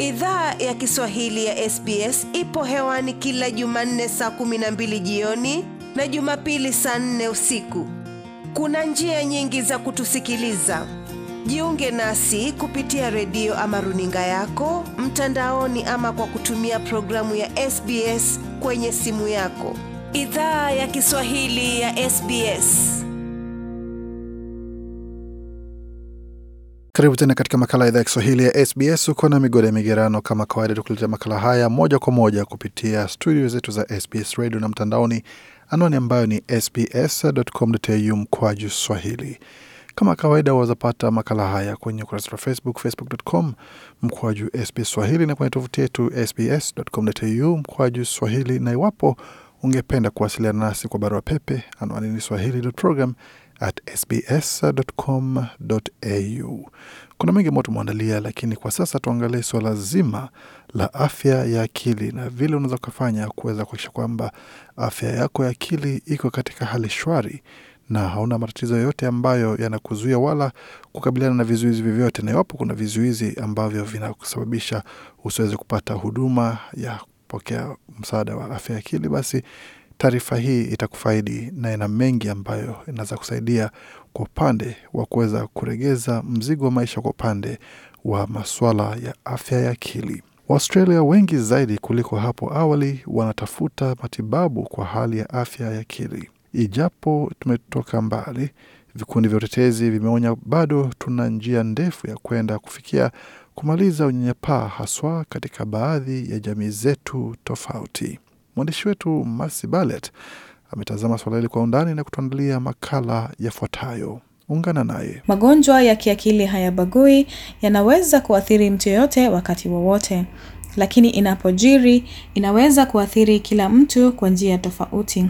Idhaa ya Kiswahili ya SBS ipo hewani kila Jumanne saa 12 jioni na Jumapili saa 4 usiku. Kuna njia nyingi za kutusikiliza. Jiunge nasi kupitia redio ama runinga yako mtandaoni, ama kwa kutumia programu ya SBS kwenye simu yako. Idhaa ya Kiswahili ya SBS. Karibu tena katika makala ya idhaa ya Kiswahili ya SBS. Uko na migodo ya migerano kama kawaida, tukuletea makala haya moja kwa moja kupitia studio zetu za SBS radio na mtandaoni, anwani ambayo ni sbs.com.au mkwaju swahili. Kama kawaida, wazapata makala haya kwenye ukurasa wa Facebook, facebook.com mkwaju SBS swahili na kwenye tovuti yetu sbs.com.au mkwaju swahili. Na iwapo ungependa kuwasiliana nasi kwa barua pepe, anwani ni swahili program at sbs.com.au. Kuna mengi ambayo tumeandalia, lakini kwa sasa tuangalie suala zima la afya ya akili na vile unaweza ukafanya kuweza kuakisha kwamba afya yako ya akili iko katika hali shwari na hauna matatizo yoyote ambayo yanakuzuia wala kukabiliana na vizuizi vyovyote, na iwapo kuna vizuizi ambavyo vinakusababisha usiweze kupata huduma ya kupokea msaada wa afya ya akili, basi taarifa hii itakufaidi na ina mengi ambayo inaweza kusaidia kwa upande wa kuweza kuregeza mzigo wa maisha kwa upande wa masuala ya afya ya akili. Waaustralia wengi zaidi kuliko hapo awali wanatafuta matibabu kwa hali ya afya ya akili. Ijapo tumetoka mbali, vikundi vya utetezi vimeonya bado tuna njia ndefu ya kwenda kufikia kumaliza unyanyapaa, haswa katika baadhi ya jamii zetu tofauti. Mwandishi wetu Masi Balet ametazama suala hili kwa undani na kutuandalia makala yafuatayo. Ungana naye. Magonjwa ya kiakili hayabagui, yanaweza kuathiri mtu yoyote wakati wowote, lakini inapojiri inaweza kuathiri kila mtu kwa njia tofauti.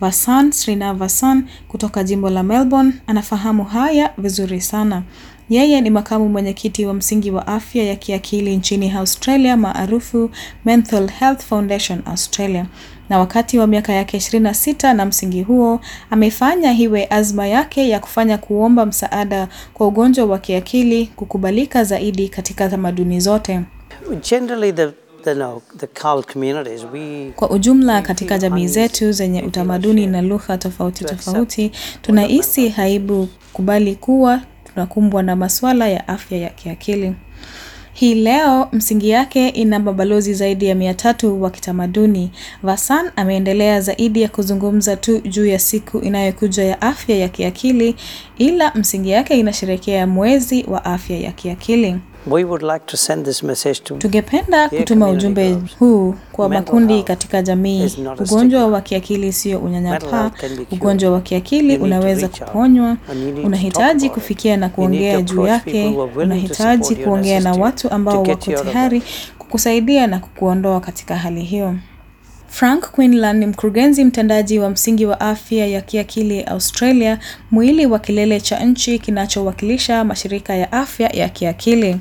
Vasan Srinivasan kutoka jimbo la Melbourne anafahamu haya vizuri sana. Yeye ni makamu mwenyekiti wa msingi wa afya ya kiakili nchini Australia maarufu Mental Health Foundation Australia, na wakati wa miaka yake 26 na msingi huo amefanya hiwe azma yake ya kufanya kuomba msaada kwa ugonjwa wa kiakili kukubalika zaidi katika tamaduni zote. Generally the kwa ujumla katika jamii zetu zenye utamaduni na lugha tofauti tofauti, tunahisi haibu kubali kuwa tunakumbwa na masuala ya afya ya kiakili. Hii leo msingi yake ina mabalozi zaidi ya mia tatu wa kitamaduni. Vasan ameendelea zaidi ya kuzungumza tu juu ya siku inayokuja ya afya ya kiakili, ila msingi yake inasherekea mwezi wa afya ya kiakili tungependa kutuma ujumbe huu kwa makundi katika jamii. Ugonjwa wa kiakili sio unyanyapaa. Ugonjwa wa kiakili unaweza kuponywa. Unahitaji kufikia na kuongea juu yake. Unahitaji kuongea na watu ambao wako tayari kukusaidia na kukuondoa katika hali hiyo. Frank Quinlan ni mkurugenzi mtendaji wa msingi wa afya ya kiakili Australia, mwili wa kilele cha nchi kinachowakilisha mashirika ya afya ya kiakili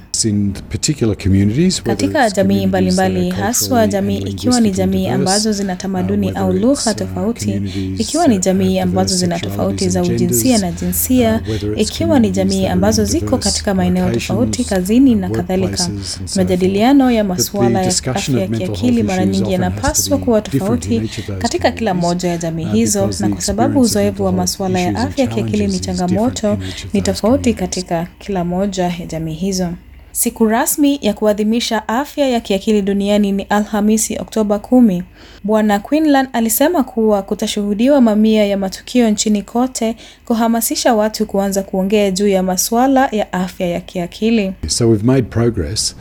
katika jamii mbalimbali, haswa jamii ikiwa ni jamii ambazo zina uh, tamaduni au lugha uh, tofauti, ikiwa ni jamii ambazo zina tofauti za ujinsia na uh, jinsia, ikiwa ni jamii ambazo ziko katika maeneo tofauti, kazini na kadhalika. Majadiliano ya masuala ya afya ya kiakili mara nyingi yanapaswa kuwa tofauti katika kila moja ya jamii hizo, na kwa sababu uzoefu wa masuala ya afya ya kiakili ni changamoto, ni tofauti katika kila moja ya jamii hizo. Siku rasmi ya kuadhimisha afya ya kiakili duniani ni Alhamisi, Oktoba 10. Bwana Quinlan alisema kuwa kutashuhudiwa mamia ya matukio nchini kote kuhamasisha watu kuanza kuongea juu ya masuala ya afya ya kiakili. So we've made progress.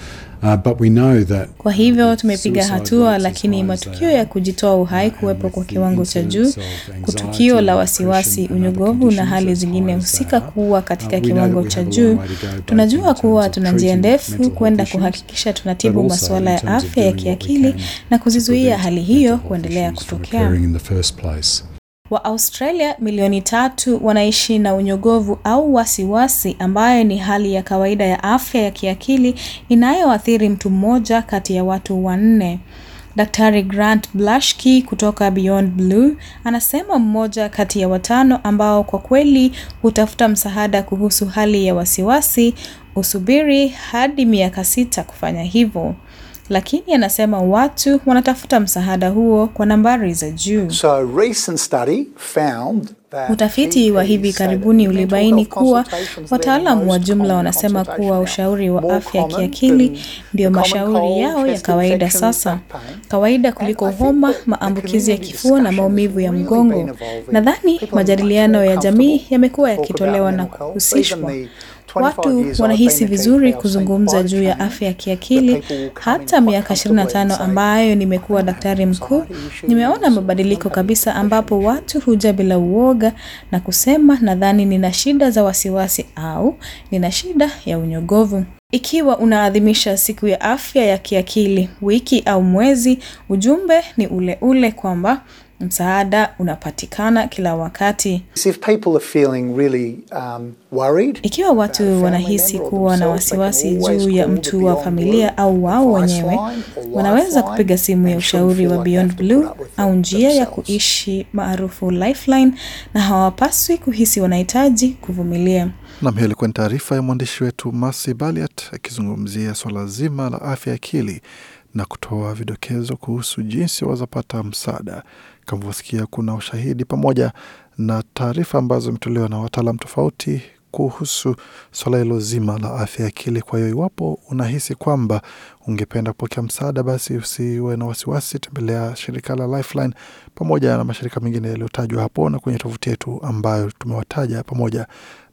Uh, but we know that, kwa hivyo tumepiga hatua, lakini matukio ya kujitoa uhai kuwepo kwa kiwango cha juu, kutukio la wasiwasi, unyogovu na hali zingine husika kuwa katika uh, kiwango cha juu. Tunajua kuwa tuna njia ndefu kwenda kuhakikisha tunatibu masuala ya afya ya kiakili na kuzizuia hali hiyo kuendelea kutokea wa australia milioni tatu wanaishi na unyogovu au wasiwasi ambayo ni hali ya kawaida ya afya ya kiakili inayoathiri mtu mmoja kati ya watu wanne. Daktari Grant Blashki kutoka Beyond Blue anasema mmoja kati ya watano ambao kwa kweli hutafuta msaada kuhusu hali ya wasiwasi husubiri hadi miaka sita kufanya hivyo lakini anasema watu wanatafuta msaada huo kwa nambari za juu. So, recent study found Utafiti wa hivi karibuni ulibaini kuwa wataalamu wa jumla wanasema kuwa ushauri wa afya ya kiakili ndio mashauri yao ya kawaida sasa, kawaida kuliko homa, maambukizi ya kifua na maumivu ya mgongo. Nadhani majadiliano ya jamii yamekuwa yakitolewa na kuhusishwa Watu wanahisi vizuri kuzungumza juu ya afya ya kiakili. Hata miaka 25 ambayo nimekuwa daktari mkuu, nimeona mabadiliko kabisa, ambapo watu huja bila uoga na kusema, nadhani nina shida za wasiwasi au nina shida ya unyogovu. Ikiwa unaadhimisha siku ya afya ya kiakili wiki au mwezi, ujumbe ni ule ule kwamba msaada unapatikana kila wakati. Really, um, worried, ikiwa uh, watu wanahisi kuwa na wasiwasi juu ya mtu wa familia au wao wenyewe, wanaweza kupiga simu ya ushauri wa Beyond Blue au njia ya kuishi maarufu Lifeline, na hawapaswi kuhisi wanahitaji kuvumilia. Nam, hiyo ilikuwa ni taarifa ya mwandishi wetu Masi Baliat akizungumzia swala zima la afya ya akili na kutoa vidokezo kuhusu jinsi wazapata msaada. Kama kuna ushahidi pamoja na taarifa ambazo imetolewa na wataalam tofauti kuhusu swala hilo zima la afya ya akili. Kwa hiyo iwapo unahisi kwamba ungependa kupokea msaada, basi usiwe na wasiwasi, tembelea shirika la Lifeline pamoja na mashirika mengine yaliyotajwa hapo na kwenye tovuti yetu ambayo tumewataja pamoja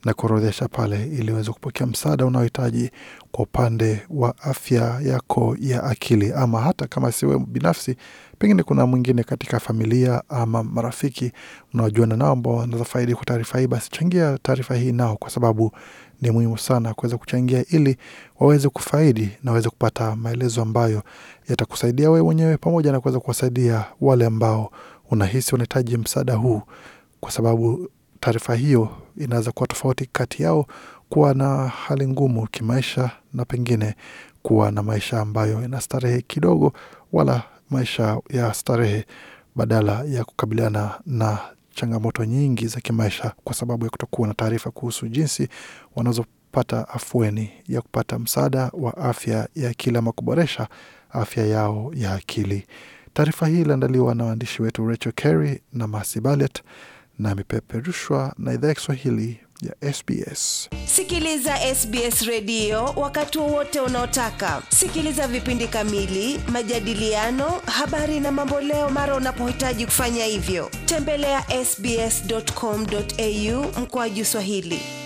na kuorodhesha pale, ili uweze kupokea msaada unaohitaji kwa upande wa afya yako ya akili, ama hata kama siwe binafsi, pengine kuna mwingine katika familia ama marafiki unaojuana nao ambao wanaweza faidi kwa taarifa hii, basi changia taarifa hii nao, kwa sababu ni muhimu sana kuweza kuchangia ili waweze kufaidi na waweze kupata maelezo ambayo yatakusaidia wewe mwenyewe pamoja na kuweza kuwasaidia wale ambao unahisi unahitaji msaada huu, kwa sababu taarifa hiyo inaweza kuwa tofauti kati yao kuwa na hali ngumu kimaisha na pengine kuwa na maisha ambayo ina starehe kidogo, wala maisha ya starehe badala ya kukabiliana na changamoto nyingi za kimaisha kwa sababu ya kutokuwa na taarifa kuhusu jinsi wanazopata afueni ya kupata msaada wa afya ya akili ama kuboresha afya yao ya akili. Taarifa hii iliandaliwa na waandishi wetu Rachel Carey na Masi Balet na amepeperushwa na idhaa ya Kiswahili ya SBS. Sikiliza SBS redio wakati wowote unaotaka. Sikiliza vipindi kamili, majadiliano, habari na mambo leo mara unapohitaji kufanya hivyo. Tembelea sbs.com.au mkoaji Swahili.